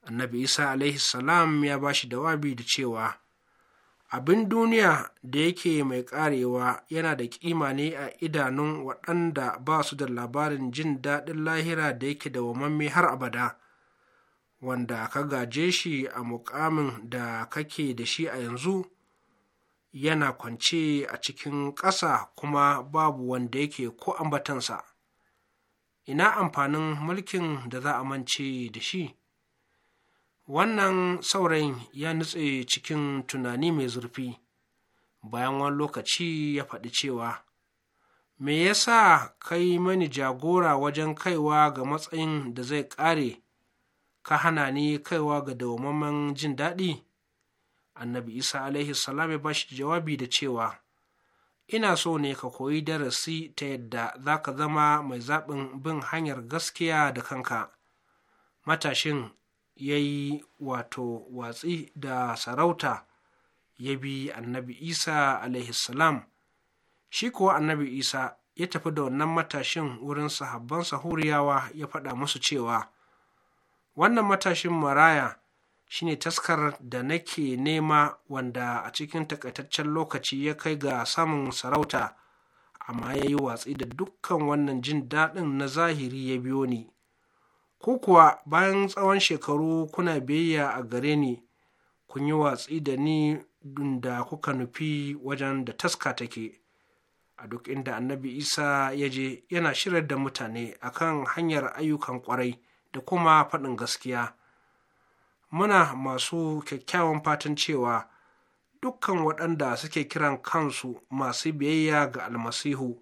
Speaker 7: annabi isa alaihi salam ya ba shi dawabi da cewa abin duniya da yake mai ƙarewa yana da ƙima ne a idanun waɗanda ba su da labarin jin daɗin lahira da yake dawwammame har abada wanda ka gaje shi a mukamin da kake da shi a yanzu yana kwance a cikin ƙasa kuma babu wanda yake ko ambatansa ina amfanin mulkin da za a mance da shi wannan saurayin ya nutse cikin tunani mai zurfi bayan wani lokaci ya faɗi cewa me yasa kai mani jagora wajen kaiwa ga matsayin da zai ƙare ka hana ni kaiwa ga dawwammamen jin daɗi annabi isa alaihi salam ya bashi jawabi da cewa ina so ne ka koyi darasi ta yadda za ka zama mai zaɓin bin hanyar gaskiya da kanka matashin ya yi wato watsi da sarauta ya bi annabi isa alaihi salam shi kuwa annabi isa ya tafi da wannan matashin wurin sahabban sahuriyawa ya faɗa musu cewa wannan matashin maraya shine taskar da nake nema wanda a cikin takaitaccen lokaci ya kai ga samun sarauta amma ya yi watsi da dukkan wannan jin daɗin na zahiri ya biyo ni ko kuwa bayan tsawon shekaru kuna biyayya a gare ni kun yi watsi da ni da kuka nufi wajen da taska take a duk inda annabi isa ya je yana shirar da mutane akan hanyar ayyukan kwarai da kuma faɗin gaskiya muna masu kyakkyawan fatan cewa dukkan waɗanda suke kiran kansu masu biyayya ga almasihu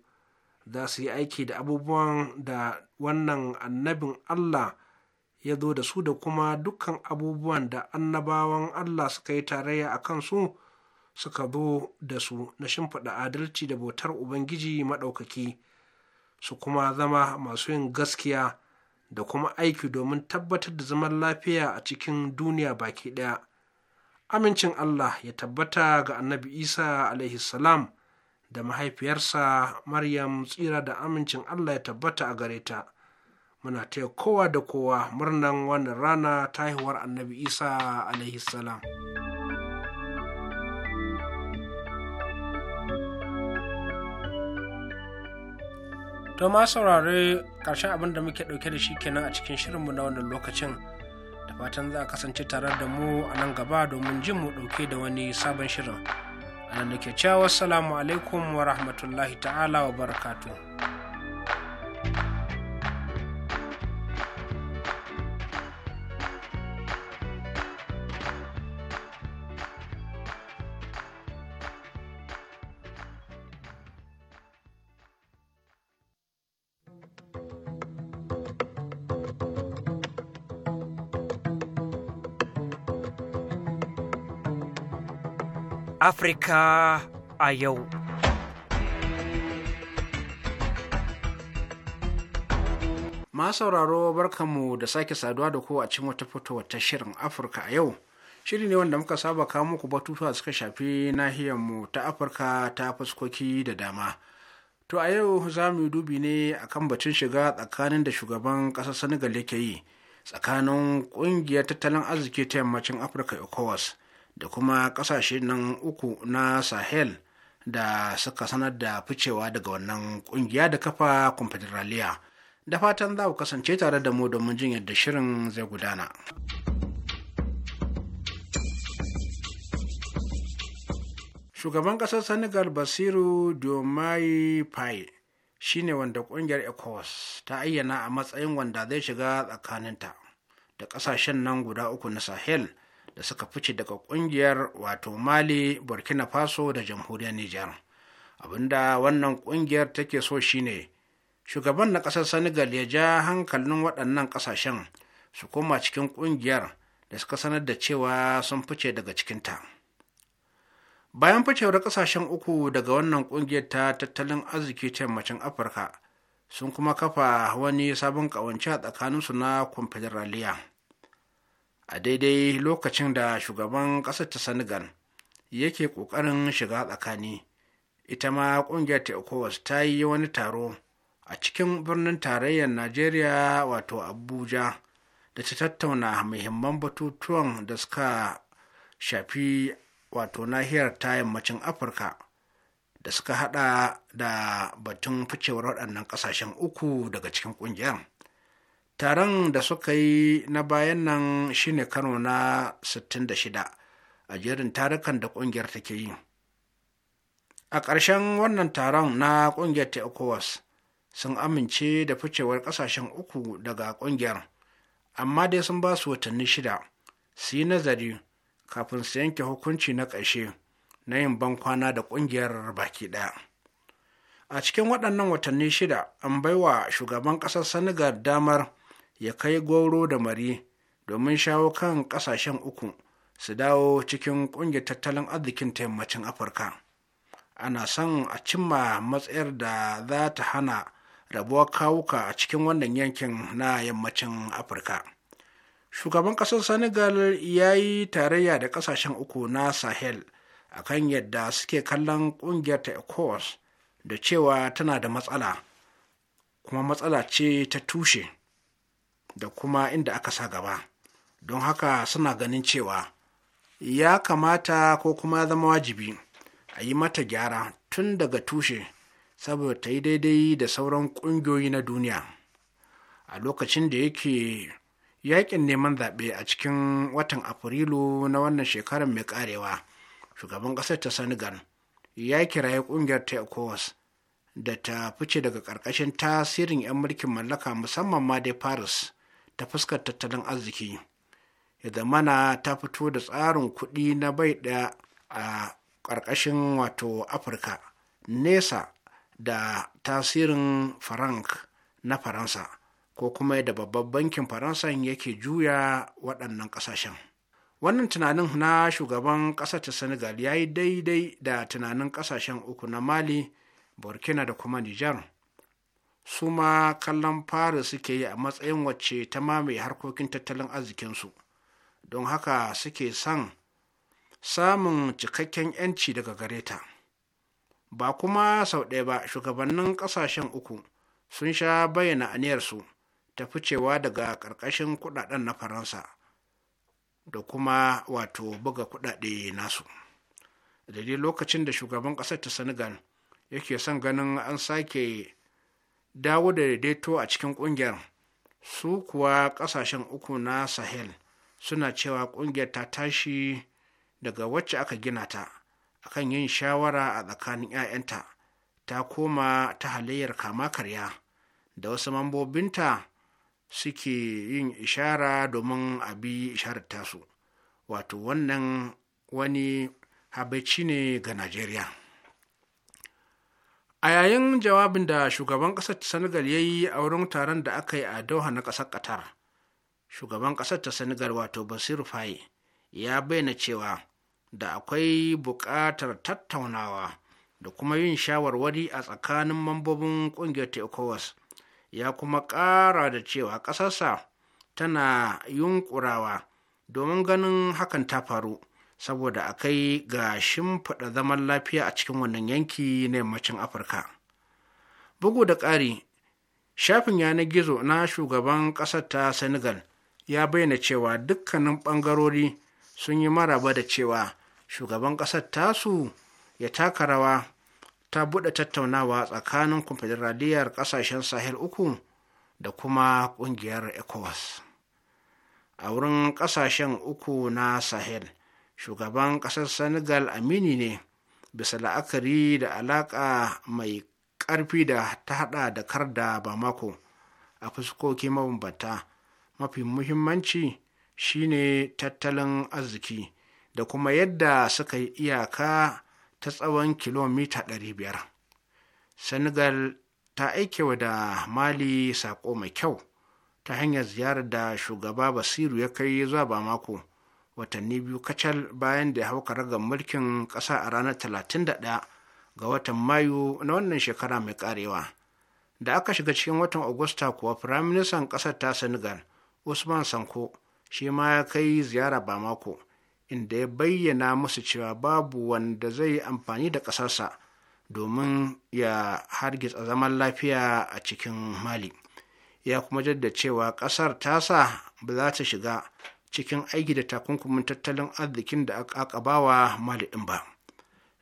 Speaker 7: za su yi aiki da abubuwan da wannan annabin allah ya zo da su da kuma dukkan abubuwan da annabawan allah suka yi tarayya a kansu suka zo da su na shimfiɗa adalci da bautar ubangiji maɗaukaki su kuma zama masu yin gaskiya da kuma aiki domin tabbatar da zaman lafiya a cikin duniya baki ɗaya. Amincin Allah ya tabbata ga annabi Isa alaihi salam da mahaifiyarsa Maryam tsira da amincin Allah ya tabbata a gare ta. Muna taya kowa da kowa murnan wannan rana ta haihuwar annabi Isa alaihi salam. to ma saurare ƙarshen abin da muke ɗauke da shi kenan a cikin shirinmu na wannan lokacin da fatan za a kasance tare da mu a nan gaba domin jin mu ɗauke da wani sabon shirin a da ke cewa salamu alaikum wa rahmatullahi ta'ala wa barakatuh
Speaker 3: Afirka a yau.
Speaker 7: Ma sauraro barkanmu da sake saduwa da ku a cikin wata fito ta shirin Afirka a yau. Shiri ne wanda muka saba kawo muku batutuwa suka shafi nahiyarmu ta Afirka ta fuskoki da dama. To a yau za mu yi dubi ne a kan batun shiga tsakanin da shugaban ƙasar Senegal yake yi tsakanin ƙungiyar tattalin arziki ta yammacin Afirka ECOWAS. da kuma kasashe nan uku na sahel da suka sanar da ficewa daga wannan kungiya da kafa confederalia da fatan za ku kasance tare da mu domin jin yadda shirin zai gudana. shugaban kasar senegal basiru diomaye shi shine wanda kungiyar ecowas ta ayyana a matsayin wanda zai shiga tsakaninta da kasashen nan guda uku na sahel da suka fice daga kungiyar wato mali burkina faso da jamhuriyar Niger, abinda wannan kungiyar take so shine shugaban na kasar senegal ya ja hankalin waɗannan ƙasashen su koma cikin kungiyar da suka sanar da cewa sun fice daga cikinta bayan ficewar ƙasashen uku daga wannan kungiyar ta tattalin arziki ta yammacin afirka sun kuma kafa wani sabon ƙawance a tsakaninsu na confederalia a daidai lokacin da shugaban ƙasar ta senegal yake ƙoƙarin shiga tsakani ita ma ƙungiyar ta ecowas ta yi wani taro a cikin birnin tarayyar najeriya wato abuja da ta tattauna muhimman batutuwan da suka shafi wato nahiyar ta yammacin afirka da suka hada da batun ficewar waɗannan ƙasashen uku daga cikin ƙungiyar. taron da suka yi na bayan nan shine kano na 66 a jerin tarukan da ƙungiyar take yi a ƙarshen wannan taron na ƙungiyar ta ecowas sun amince da ficewar ƙasashen uku daga ƙungiyar amma dai sun ba su watanni shida su yi nazari kafin su yanke hukunci na ƙarshe na yin ban kwana da ƙungiyar baki ɗaya a cikin waɗannan watanni shida an baiwa shugaban ƙasar senegal damar ya kai goro da mari domin shawo kan ƙasashen uku su dawo cikin ƙungiyar tattalin arzikin ta yammacin afirka ana son a cimma matsayar da za ta hana rabuwa kawuka a cikin wannan yankin na yammacin afirka shugaban ƙasar senegal ya yi tarayya da ƙasashen uku na sahel a kan yadda suke kallon ƙungiyar ta ecos da cewa tana da matsala kuma matsala ce ta tushe da kuma inda aka sa gaba don haka suna ganin cewa ya kamata ko kuma ya zama wajibi a yi mata gyara tun daga tushe saboda ta yi daidai da sauran ƙungiyoyi na duniya a lokacin da yake yakin neman zaɓe a cikin watan afrilu na wannan shekarar mai karewa shugaban ƙasar ta senegal ya kiraye ƙungiyar ta ecowas da ta fice daga ƙarƙashin tasirin 'yan mulkin mallaka musamman ma dai paris ta fuskar tattalin arziki ya zamana ta fito da tsarin kuɗi na bai ɗaya a ƙarƙashin wato afirka nesa da tasirin frank na faransa ko kuma da babban bankin faransa yake juya waɗannan ƙasashen wannan tunanin na shugaban ƙasar ta senegal ya yi daidai da tunanin ƙasashen uku na mali burkina da kuma nijar su ma kallon fara suke yi a matsayin wacce ta mamaye harkokin tattalin arzikinsu don haka suke son samun cikakken 'yanci daga gareta. ba kuma sau ɗaya ba shugabannin ƙasashen uku sun sha bayyana aniyarsu ta ficewa daga ƙarƙashin kuɗaɗen na faransa da kuma wato buga kuɗaɗe nasu dai lokacin da shugaban ƙasar ta senegal yake son ganin an sake dawo da daidaito a cikin ƙungiyar su kuwa ƙasashen uku na sahel suna cewa ƙungiyar ta tashi daga wacce aka gina ta akan yin shawara a tsakanin 'ya'yanta ta koma ta halayyar kama karya da wasu mambobinta suke yin ishara domin a bi isharar tasu wato wannan wani habaici ne ga najeriya a yayin jawabin da shugaban ƙasar senegal ya yi a wurin taron da aka yi a doha na ƙasar qatar shugaban ƙasar ta senegal wato basir faye ya bayyana cewa da akwai buƙatar tattaunawa da kuma yin shawarwari a tsakanin mambobin ƙungiyar ta ecowas ya kuma ƙara da cewa ƙasarsa tana yunkurawa domin ganin hakan ta faru saboda a kai ga shimfiɗa zaman lafiya a cikin wannan yanki na yammacin afirka bugu da ƙari shafin yanar gizo na shugaban ƙasar ta senegal ya bayyana cewa dukkanin ɓangarori sun yi maraba da cewa shugaban ƙasar tasu ya taka rawa ta buɗe tattaunawa tsakanin confederaliyar ƙasashen sahel uku da kuma ƙungiyar ecowas a wurin ƙasashen uku na sahel shugaban ƙasar senegal amini ne bisa la'akari da alaƙa mai ƙarfi da ta haɗa da kar da bamako a fuskoki mabambanta mafi muhimmanci shine tattalin arziki da kuma yadda suka yi iyaka ta tsawon kilomita 500 senegal ta aikewa da mali sako mai kyau ta hanyar ziyarar da shugaba basiru ya kai zuwa bamako watanni biyu kacal bayan da ya hau ragar mulkin ƙasa a ranar 31 ga watan mayu na wannan shekara mai karewa da aka shiga cikin watan agusta kuwa firaministan ƙasar ta senegal usman sanko shi ma ya kai ziyara ba mako inda ya bayyana musu cewa babu wanda zai yi amfani da ƙasarsa domin ya hargitsa zaman lafiya a cikin mali ya kuma jaddacewa cewa ƙasar sa ba za ta shiga cikin aiki da takunkumin tattalin arzikin da aka bawa mali ɗin ba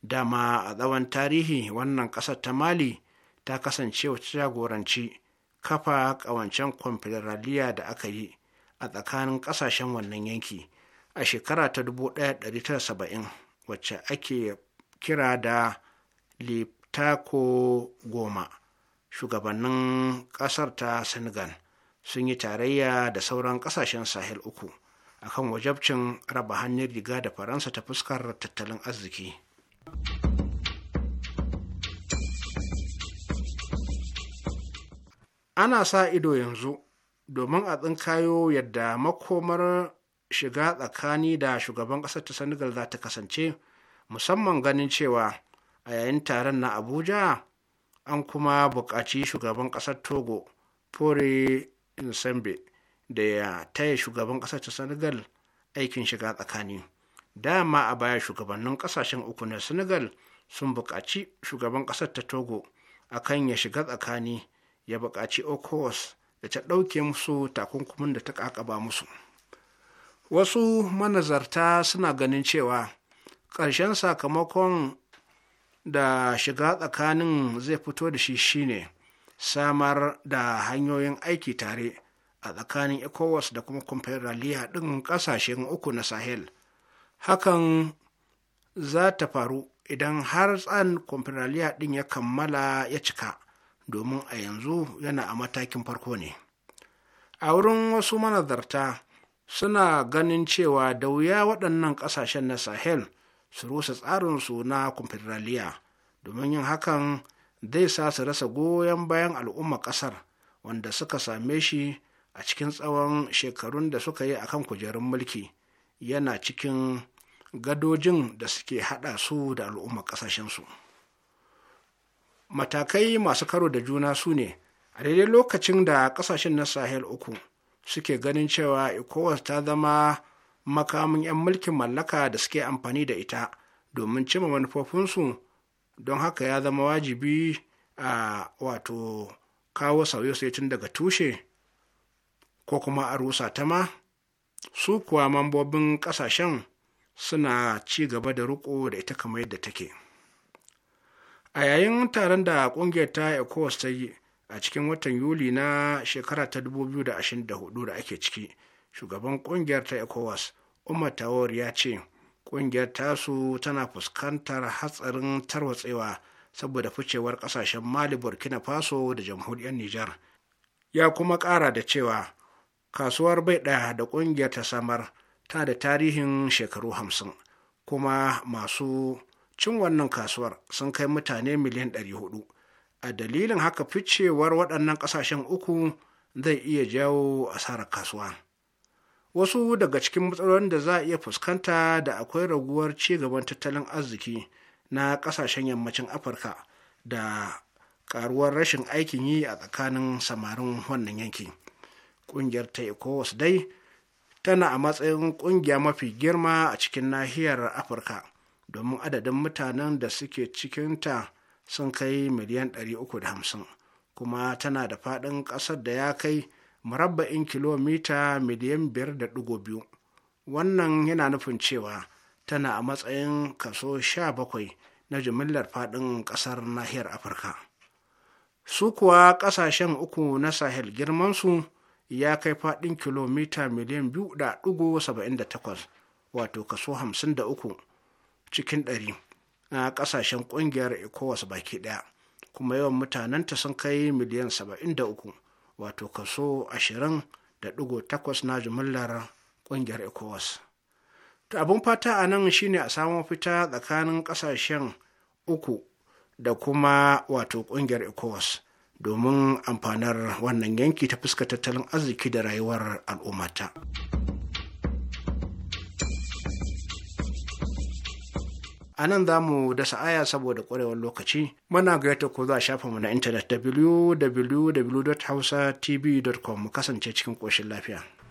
Speaker 7: dama a tsawon tarihi wannan ƙasar ta mali ta kasance wata jagoranci kafa ƙawancen kwamfederaliya da aka yi a tsakanin ƙasashen wannan yanki a shekara ta 1970 wacce ake kira da litako goma shugabannin ƙasar ta senegal sun yi tarayya da sauran ƙasashen sahel uku akan wajabcin raba hanyar riga da faransa ta fuskar tattalin arziki ana sa ido yanzu domin a tsinkayo yadda makomar shiga tsakani da shugaban ƙasar ta senegal za ta kasance musamman ganin cewa a yayin taron na abuja an kuma buƙaci shugaban ƙasar togo fore nsembe da ya taya shugaban ƙasar ta senegal aikin shiga tsakani dama a baya shugabannin ƙasashen uku na senegal sun buƙaci shugaban ƙasar ta togo akan ya shiga tsakani ya buƙaci okos da ta ɗauke musu takunkumin da ta ƙaƙaba musu wasu manazarta suna ganin cewa ƙarshen sakamakon da shiga tsakanin zai fito da shi shine samar da hanyoyin aiki tare a tsakanin ecowas da kuma confederalia ɗin ƙasashen uku na sahel hakan za ta faru idan har tsan confederalia ɗin ya kammala ya cika domin a yanzu yana a matakin farko ne a wurin wasu manazarta suna ganin cewa da wuya waɗannan ƙasashen na sahel su rusa tsarinsu na confederalia domin yin hakan zai sa su rasa goyon bayan al'ummar ƙasar wanda suka same shi a cikin tsawon shekarun da suka yi akan kujerun mulki yana cikin gadojin da suke hada su da al'ummar kasashensu matakai masu karo da juna su ne a daidai lokacin da kasashen na sahel uku suke ganin cewa ecowas ta zama makamin 'yan mulkin mallaka da suke amfani da ita domin cima manufofinsu don haka ya zama wajibi a wato kawo sauye-sauye tun daga tushe ko kuma a rusa ta ma su kuwa mambobin ƙasashen suna ci gaba da riko da ita kamar yadda take a yayin taron da ƙungiyar ta ecowas ta yi a cikin watan yuli na shekara ta 2024 da ake ciki shugaban ƙungiyar ta ecowas umar tawar ya ce ƙungiyar tasu tana fuskantar hatsarin tarwatsewa saboda ficewar ƙasashen mali burkina faso da jamhuriyar nijar ya kuma ƙara da cewa kasuwar bai ɗaya da ƙungiyar ta samar ta da tarihin shekaru hamsin kuma masu cin wannan kasuwar sun kai mutane miliyan ɗari hudu a dalilin haka ficewar waɗannan ƙasashen uku zai iya jawo asarar kasuwa wasu daga cikin matsalolin da za a iya fuskanta da akwai raguwar ci gaban tattalin arziki na ƙasashen yammacin afirka da ƙaruwar rashin aikin yi a tsakanin samarin wannan yanki. ƙungiyar ta ecowas dai tana a matsayin ƙungiya mafi girma a cikin nahiyar afirka domin adadin mutanen da suke cikinta sun kai miliyan 350 kuma tana da faɗin ƙasar da ya kai murabba'in kilomita miliyan 5.2 wannan yana nufin cewa tana a matsayin kaso 17 na jimillar faɗin ƙasar nahiyar afirka su kuwa ƙasashen uku na sahel girmansu ya kai faɗin kilomita miliyan 2.78 wato kaso 53 cikin 100 na ƙasashen ƙungiyar ecowas baki ɗaya kuma yawan mutanenta sun kai miliyan 73 wato kaso 20.8 na jimillar ƙungiyar ecowas ta abin fata a nan shine a samu fita tsakanin ƙasashen uku da kuma wato ƙungiyar ecowas domin amfanar wannan yanki ta fuska tattalin arziki da rayuwar al'ummata. a nan za mu dasa aya saboda ƙwarewar lokaci muna gayyata ko za a shafa mu na intanet www.hausatv.com mu kasance cikin ƙoshin lafiya.